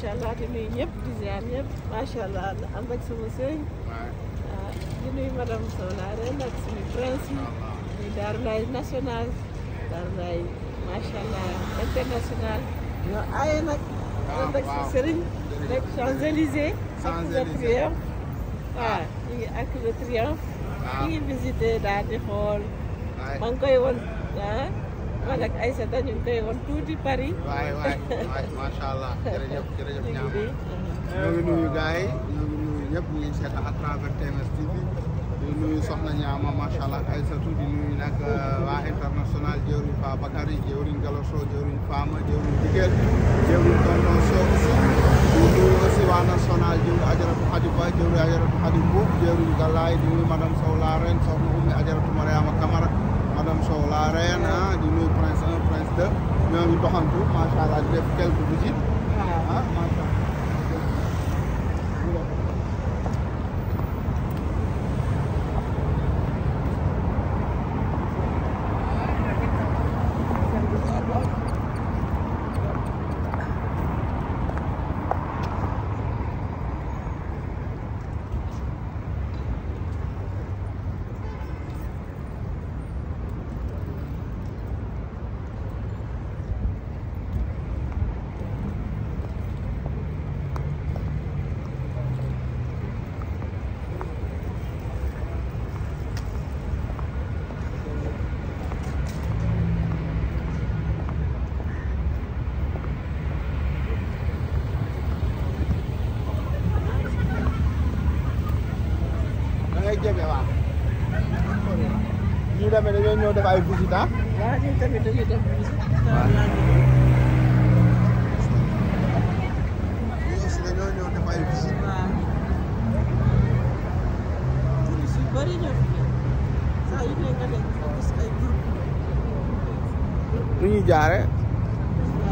macha allah di nuyu ñëpp di ziar ñëpp macha allah ànd ak sama sëñ. waaw di nuyu madame Sow la reine ak national Daaru Laay macha international ñoo aaye nag. Ah, ànd ak suñu sëriñ. nekk Champs-Élysées. champs ngi ak le triomphe. ñu ah. ngi visité daal di xool. maa ngi koy won ah. man ak Aïssata ñu ngi koy won tuuti Paris. waay waay waay macha allah jërëjëf jërëjëf Niang ñoo ngi nuyu gars yi ñoo ngi nuyu ñëpp ñu ngi seet à travers TMS TV di nuyu Soxna Ñaama macha allah Aïssatou di nuyu nag euh, waa international jëwriñ Fa Bakari jëwriñ Galoso jëwriñ Fama jëwriñ Digel jëwriñ Tonton Sow aussi di nuyu aussi waa national jëwriñ Ajaratu Xadi Ba jëwriñ Ajaratu Xadi Mbuub jëwriñ Galaay di nuyu madame Sow la reine soxna Umi Ajaratu Mariama Camara madame Sow la reine ah di nuyu prince un prince deux ñoo ngi doxantu macha allah di def quelques visites ah macha allah day jege waaw. ñu demee dañoo ñëw def ay visite ah.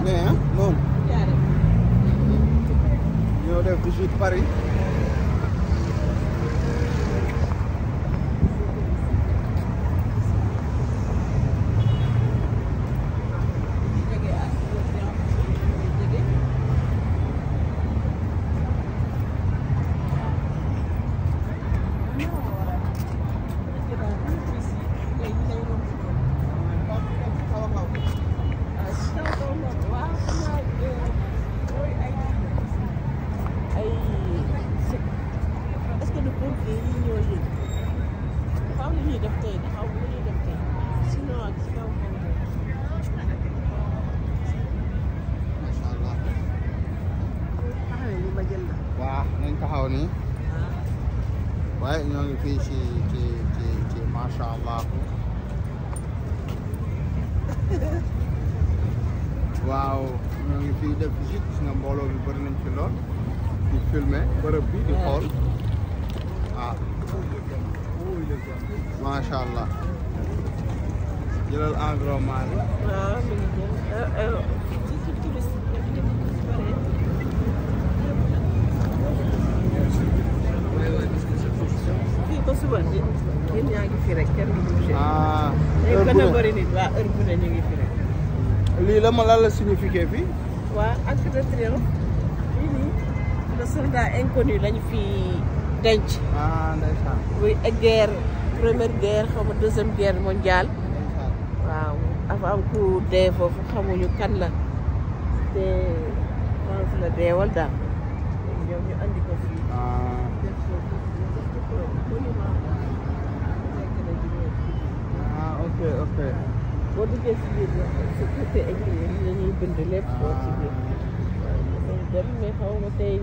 nee ah noonu. ñëw def que ni pompier yi ñoo yëg dafa am waaw nañ taxaw nii waaye ñoo ngi fii ci ci ci ci waaw ñoo ngi fii def visite mbooloo bi bëri nañ ci lool di filmer bërëb bi di xool waaw ah. macha allah jëlal environnement bi. fii ba suba bi yéen ñaa ngi fi rek kenn du bouger. ah heure bu ne waa heure bu ne ñu ngi fi rek. lii la ma lan la signifié fii. waa acte de terre fii nii lañu fi. denc ah, muy guerre première guerre xaw ma deuxième guerre mondiale waaw dafa am ku dee foofu xamuñu kan la te France la deewal daal ñoom ñu andi ko fii ah, si biir sécurité éclair ñuy bind lépp ah. boo ci biir dem mais xaw ma tey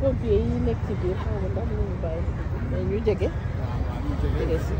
pompier yi nekk ci biir xaw ma ndax ñu ngi bàyyi mais ñu jege. jege si.